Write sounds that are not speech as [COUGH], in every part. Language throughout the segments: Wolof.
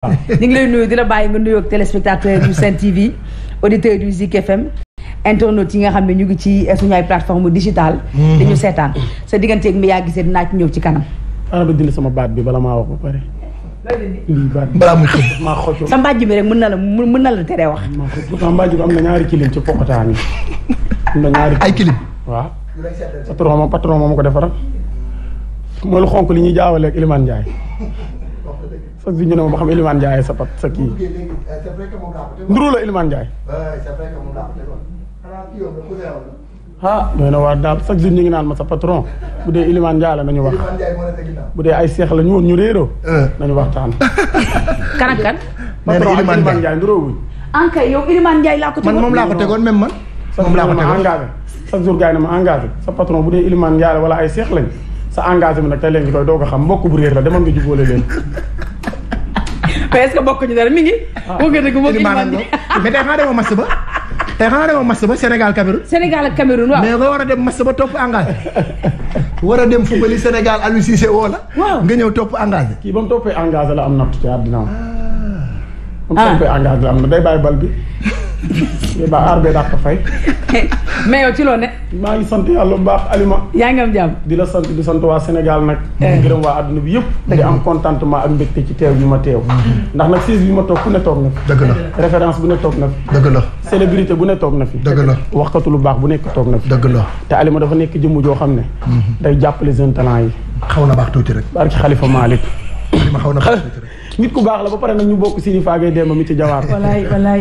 [LAUGHS] ñu ngi lay nuyu di la bàyyi nga nuyoog téléspectateur yu Sen TV auditeur du Zik FM internautes yi nga xam ne ñu ngi ci suñu ay plateforme digitale mhm. ñu seetaan sa digganteeg mi yaa gisee dinaa ci ñëw ci kanam ana ba dindi sama baat bi bala maa wax ba pare lii [LAUGHS] maa xocc sa mbàjj bi rek mën na la mën na la teree wax pourtant mbàjj bi am na ñaari kilim ci poqotaan yi am na ñaari ay kilim waaw patron moom patron moom ko defaral mooy lu xonk li ñuy jaawaleeg Iliman Ndiaye sax bi ñu ne ma xam Elimane Ndiaye sa pat sa kii. Euh, nduru la Elimane Ndiaye. ah doy na waar daal chaque jour ñu ngi naan ma sa patron bu dee Elimane Ndiaye la nañu wax bu dee ay seex la ñu woon ñu réeroo. Euh. nañu waxtaan. kan ak kan. nee na Elimane Ndiaye nduroo wuñ. Ah, yow Elimane Ndiaye laa ko tegoon man moom laa ko tegoon même man. moom laa ko tegoon engagé chaque jour gars yi na ma engagé sa patron bu dee Elimane Ndiaye la wala ay seex lañ sa engagé bi nag tey leen ngi koy doo ko xam mbokk bu réer la demoon nga jubóole leen. [LAUGHS] mais est-ce que dara mi ngi. Ah. boo gën a gu bokkuñu man mais tey xanaa demoo match ba tey xanaa demoo match ba Sénégal Cameroun. Sénégal ak waaw. mais war a dem match ba topp engagé. war a dem football yi Sénégal Aliou Cissé woo la. nga ñëw topp engagé. kii ba mu toppee engagé la am natt ci àddina am. ah mu toppee engagé ah. la am na day bàyyi bal bi. [LAUGHS] day bàyyi aar bee dàq fay. mais ci loo ne. maa ngi sant yàlla bu baax Alima. yaa ngi am jàmm. di la sant di sant waa Sénégal nag. Eh. di gërëm waa adduna bi yëpp. di am contentement ak mbégte ci teew bi ma teew. Mm-hmm. ndax nag siis bi ma toog ku ne toog na fi. dëgg la référence bu ne toog na fi. dëgg la célébrité bu ne toog na fi. dëgg la waxkatu lu baax bu nekk toog na fi. dëgg la te Alima dafa nekk jëmm joo xam ne. Mm-hmm. day jàppale jeune yi. xaw na baax tuuti rek. barki Xalifa Malick. xaw na baax nit ku baax la ba pare nag ñu bokk Sini Faagay Demba mi ci jawaar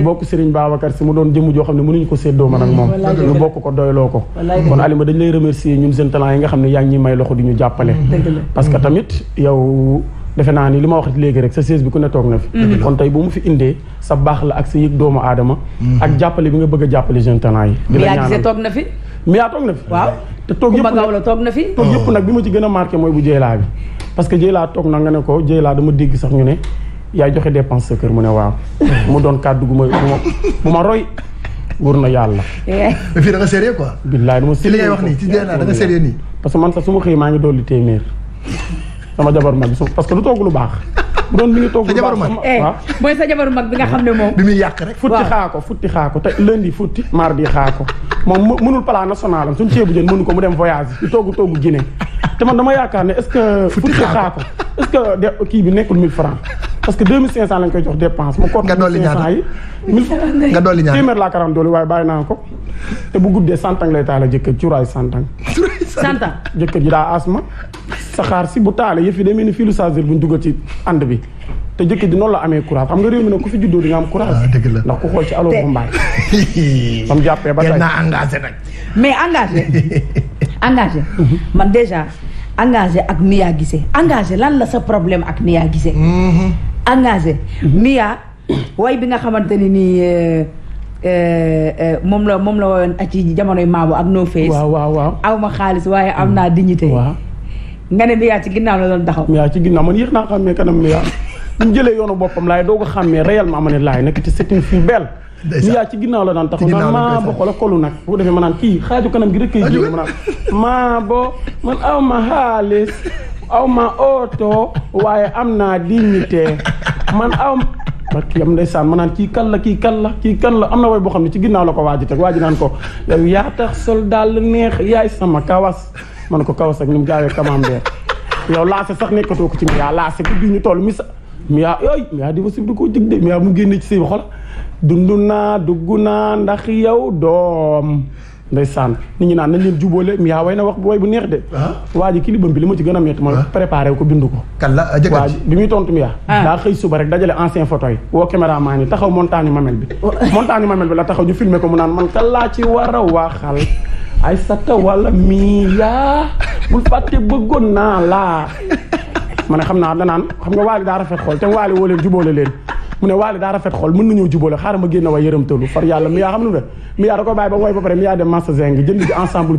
bokk Serigne Babacar si mu doon jëmm joo xam ne mënuñu ko séddoo man ak moom ñu bokk ko doyloo ko kon Alima dañ lay remercier ñun seen yi nga xam ne yaa ngi ñuy may loxo di ñu jàppale parce que mm-hmm. tamit yow defe naa ni li ma wax léegi rek sa siège bi ku ne toog na fi kon tey bu mu fi indee sa baax la ak sa yëg doomu aadama mm-hmm. ak jàppale bi nga bëgg jàppale jeune talent yi di la ñaanal toog na fi mi yaa toog na na bi ma ci gën a marqué mooy bu jeelaa parce que Dieyla toog na nga ne ko Dieyla dama dégg sax ñu ne yaay joxe dépense sa kër mu ne waaw. [LAUGHS] mu doon kàddu gu ma bu ma roy. wóor na yàlla. mais fii da nga sérieux quoi. billaay dama wax nii ci Dieyla da nga parce que man sax su ma xëy maa ngi dolli téeméer sama jabar mag parce que lu togg lu baax. bu doon mi ngi togg lu baax sama eh, mooy sa jabaru mag bi nga xam ne moom. bi muy yàq rek. futti xaa ko futti xaa ko te lundi futti mardi xaa moom mënul plan national am suñu ceebu jën mënu ko mu dem voyage di togg te man dama yaakaar ne est ce que. futti xaar ko est ce que kii bi nekkul 1000 francs parce que 2500 lañ koy jox dépense. ma compte 2500 yi. nga dolli ñaata téeméer laa karam dolli waaye bàyyi naa ko. te bu guddee lay taal a jëkkër cuuraay santang. santang jëkkër ji daa asma. saxaar si bu taalee yëf yi demee ni fii lu saa buñ dugal ci ànd bi. te jëkkër ji noonu la amee courage xam nga réew mi nag ku fi juddoo di nga am courage. Ah, dëgg la ndax ku xool ci alo mbaay. [LAUGHS] ba mu jàppee ba tey gën naa engagé nag. mais engagé [LAUGHS] engagé man déjà engagé ak Mia Guissé engagé lan la sa problème ak Mia Guissé mhm. engagé Mia way bi nga xamante ni nii euh, euh, euh, moom la moom la woon ci jamonoy maabu ak noo face waaw xaalis waaye am naa mhm. dignité waaw nga ne Mia ci ginnaaw la doon taxaw Mia ci ginnaaw man yéex naa xàmmee kanam Mia [LAUGHS] mu jëlee yoonu boppam laay doog a xàmmee réellement ma ne laay nekk ci c'est une fille ñu yaa ci ginnaaw la daan taxaw naan maa bo xoola kolu nag bu ko defee ma naan kii xaaju kanam gi rek kay jé ma naan maa bo man aw ma xaalis aw ma oto waaye am naa dignité man aw ak yam ndeysaan ma naan kii kan la kii kan la kii kan la am na way boo xam ne ci ginnaaw la ko waaji teg waaji naan ko yow yaa tax sol daal neex yaay sama kawas ma ne ko kawas ak ni mu gaawee kamambeer [LAUGHS] yow laase sax nekkatoo ko ci mi yaa laase guddi ñu toll mi Mia ah, yooyu Mia ah, Diva Sib da koo jëg de Mia ah, mu génne ci sëy bi xol dund naa dugg naa ndax yow doom ndeysaan nit ñi naan nañ leen jubóole Mia way na wax way bu neex de waa bi li ma ci gën a métti mooy préparé ko bindu ko kan la waa ji bi muy tontu Mia daa xëy suba rek dajale ancien photo yi woo caméraman yi taxaw montagne mamel bi [LAUGHS] montagne mamel bi la taxaw ñu filmé ko mu naan man kan laa ci war a waxal ay sata wala Mia bul fàtte bëggoon naa laa mane ne xam naa danaan xam nga waali daa rafet xool te nga waali woo leen jubóole leen mu ne waali daa rafet xool mën nañoo jubóole xaaral ma génn waay yërëmtalu far yàlla mi yaa xam lu de mi yaa da ko bàyyi ba wooy ba pare mi yaa dem massa zeng jënd ji ensemble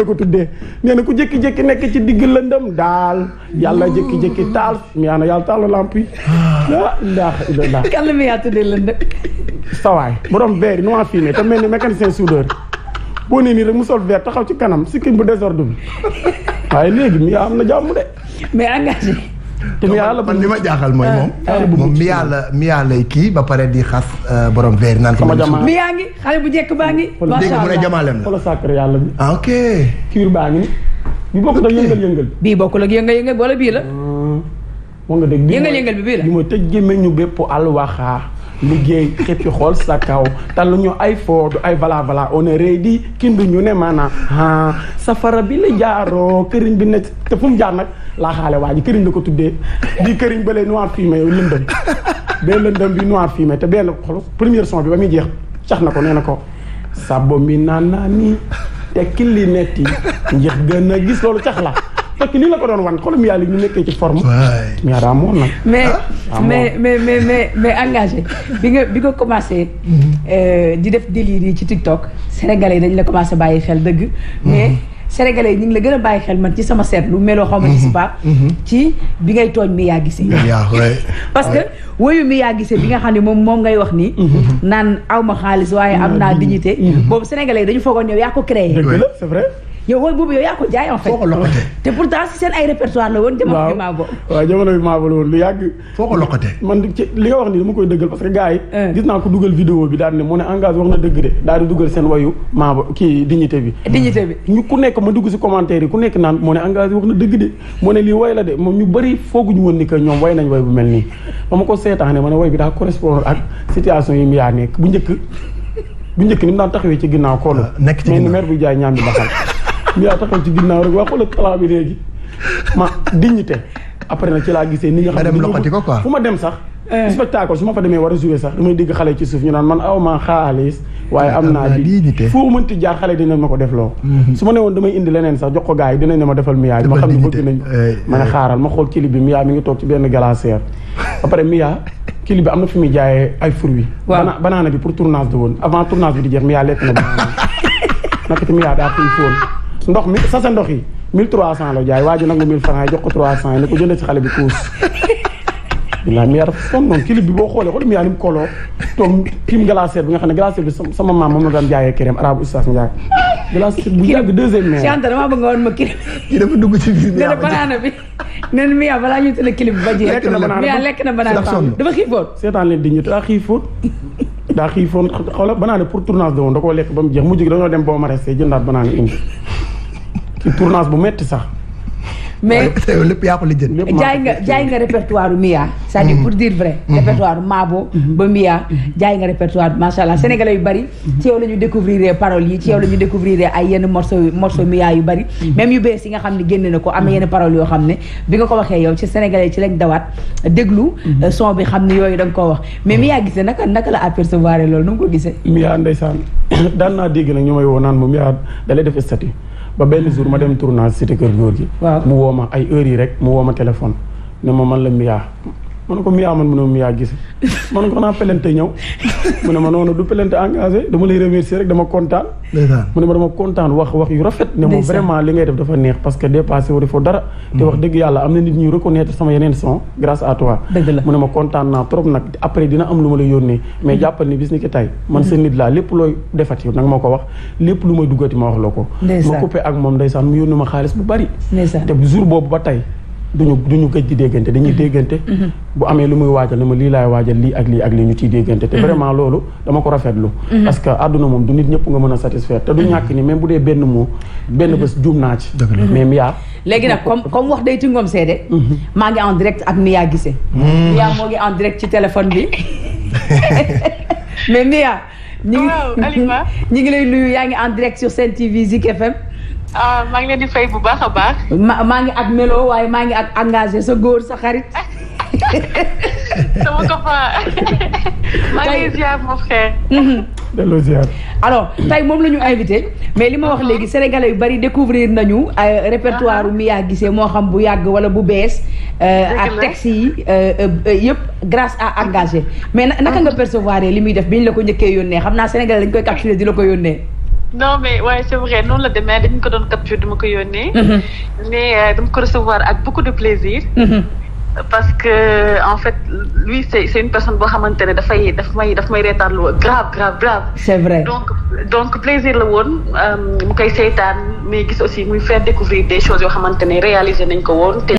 la ko tuddee nee ku jëkki jékki nekk ci digg lëndëm daal yàlla jékki-jékki taal mi yaa na yàlla taal la lamp yi la ilaaha illallaah la mi yaa tuddee lëndëm sawaay borom verre yi nu fii ne te mel ni mécanicien soudeur boo nee nii rek mu sol vert taxaw ci kanam sikkim bu désordre bi waaye léegi mi yaa am na jàmm de. mais engagé. te mi yàlla man li ma jaaxal mooy ah, moom. Ah, moom yàlla mi kii ba pare di xas euh, borom vert naan ko. sama jamono mi yaa ngi xale bu njëkk baa ngi. macha allah dégg mu ne jamaaleem la. xoolal sàkkar yàlla bi. ah ok. kiir baa ngi ni. bi bokkul ak yëngal yëngal. bii bokkul ak yëngal yëngal wala bii la. Hmm. moom nga dégg yëngal-yëngal bi bii la li ma tëj gémmiñu bépp alwaxa liggéey xëppi xool sa kaw tal ñu ay foo ay vala vala on est ready kindu ñu ne maanaam ah safara bi la jaaroo këriñ bi ne te fu mu jaar nag laa xaale waa këriñ la ko tuddee di këriñ ba leen noir fumé yooyu lëndëm bee lëndëm bi noir fumé te benn xol première son bi ba muy jeex cax na ko nee na ko sabo mi naan naa nii te kili netti njëx gën a gis loolu cax la fekk lii la ko doon wan xoolum yàlla ñu nekkee ci forme. waay ah, mais mais mais mais mais mais bi nga bi nga commencé. Mhm. Euh, di def délire yi ci TikTok. sénégalais yi dañ la commencé bàyyi xel dëgg. Mhm. mais sénégalais yi ñu ngi la gën a bàyyi xel man ci sama seetlu meloo xaw ma ci mhm. pas ci bi ngay tooñ mi yaa gisee. parce que woyu mi yaa gisee bi nga xam ne moom moom ngay wax nii. naan aw ma xaalis waaye am naa dignité. boobu sénégalais yi dañu foogoon yow yaa ko créé. yow wooy boobu yow yaa ko jaay en fait. foo ko lokkatee te pourtant si seen ay répertoire la woon. jamono bi maabo waaw jamono bi maabo la woon lu yàgg. foo ko lokkatee. man li nga wax nii yi. Eh. dugal bi daal ne mu ne engage wax na dëgg de daal di dugal seen wayu maabo kii dignité bi. Eh, dignité bi ñu ku nekk ma dugg si commentaire yi ku nekk naan mu ne engage wax na dëgg de mu ne lii way la de moom ñu bëri fooguñu woon ni que ñoom way nañ way bu mel nii. ba ma ko seetaanee ma ne way bi daa correspondre ak situation yi mu yaa nekk bu njëkk bu njëkk ni mu daan taxawee ci ginnaaw kool ah, nekk ci ginnaaw mais maire bu jaay yaa taxaw ci ginnaaw rek waa xoolal talent bi léegi ma dignité après nag ci laa gisee ni nga xam dem loxati ko quoi fu ma dem sax eh. spectacle su ma fa demee war a jouer sax damay dégg xale ci suuf ñu naan man aw maa xaalis waaye am naa dignité foo mënti jaar xale dinañ ma ko def loo mm-hmm. su ma ne woon damay indi leneen sax jox ko gars yi dinañ ne ma defal Mia bi ma xam ne bëgg nañ eh, ma ne eh. xaaral ma xool clip bi Mia mi ngi toog ci benn glacière après Mia clip bi am na fi muy jaayee ay fruits bana banaana bi pour tournage de woon avant tournage bi di jeex Mia lekk na banaana [LAUGHS] nakati Mia daa koy fóon ndox mi sase ndox yi 1300 la jaay waa ji nangu 1000 francs jox ko 300 yi ne ko jënd ci xale bi kuus [LAUGHS] bilaay mi yar sonnoon clip bi boo xoolee xool mi yaa nim koloo toog tiim glacière bi nga xam ne glacière bi sama maam moom la daan jaayee këram arabu ustaas Ndiaye glacière ma kii kii nga ne banaana bi nen mi yaa bi ba jeex lekk na banaana mi yaa lekk na banaana dafa xiifoon seetaan leen di pour tournage da koo lekk ba mu jeex mujj gi dañoo dem boo ma resee jëndaat banaana indi tournage bu metti sax mais lépp [LAUGHS] yaa ko jaay nga jaay nga répertoire Mia c'est-à-dire mm-hmm. pour dire vrai mm-hmm. répertoire Mabo mm-hmm. ba Mia jaay nga répertoire macha allah sénégalais yu bari ci yow la ñu découvrir paroles yi ci yow la ñu ay yenn morceau morceau Mia yu bari même yu bees yi nga xam ne génn na ko am na yenn paroles yoo xam ne bi nga ko waxee yow ci sénégalais ci lañ dawaat déglu euh, son bi xam ni yooyu da nga koo wax mais Mia gisee naka naka la apercevoir loolu nu mu ko gisee Mia ndeysaan [COUGHS] daan naa dégg nag ba benn jour ma dem tournage cité kër góor gi. mu woo ma ay heures yi rek mu wooma ma téléphone ne ma man la Mia ma ne ko miyaa man mu ne miyaa gise ma ko naa pelente ñëw mu ne ma noonu du pelente engagé dama lay remercier rek dama kontaan mu wax wax yu rafet ne ma vraiment li ngay def dafa neex parce que dépassé wu defoo dara te wax mm. dëgg yàlla am na ma kontaan naa trop nag après dina am lu ma lay yónnee mais mm. jàppal ni bis ni ki man seen mm. nit laa lépp looy defati nag ma ko wax lépp lu may duggati ma wax la ko ma coupé ak moom ndeysaan mu yónni ma xaalis bu bari te jour boobu ba tey duñu ñu gëj di déggante dañuy mm-hmm. déggante mm-hmm. bu amee lu muy waajal ne ma lii laay waajal lii ak lii ak lii ñu ciy déggante te mm-hmm. vraiment loolu dama ko rafetlu parce que àdduna moom du nit ñëpp nga mën a satisfaire te du ñàkk ni même bu dee benn moo benn bés juum naa ci mais miyaa léegi nag comme comme wax day tingoom seede maa ngi en direct ak Mia Guissé Mia moo ngi en direct ci téléphone bi [LAUGHS] [LAUGHS] mais Mia ñi ngi [LAUGHS] ñi ngi lay nuyu yaa ngi en direct sur Sen TV Zik FM ah maa ngi leen di fay bu baax a baax. ma maa ngi ak melo waaye maa ngi ak engagé sa góor sa xarit. [LAUGHS] sama copain. [LAUGHS] maa ngi mhm. ziar alors tey moom la ñu invité mais li ma wax uh-huh. léegi sénégalais yu bari découvrir nañu euh, répertoire mi uh-huh. Mia Guissé moo xam bu yàgg wala bu bees. Euh, ak texte yi euh, yëpp grâce à engagé mais naka nga uh-huh. percevoir li muy def bi ñu la ko njëkkee yónnee xam naa sénégalais dañ koy capturer di la ko yónnee. non mais waaye ouais, c'est vrai noonu la demee dañ ko doon capture dama ko yónnee. Mhm. mais euh, dama ko recevoir ak beaucoup de plaisir. Mhm. parce que en fait lui c'est c'est une personne boo xamante ne dafay daf may daf may reetaan lu grave grave grave. c'est vrai donc donc plaisir la woon euh, mu koy seytaan mais gis aussi muy faire découvrir des choses yoo xamante ne réaliser nañ ko woon.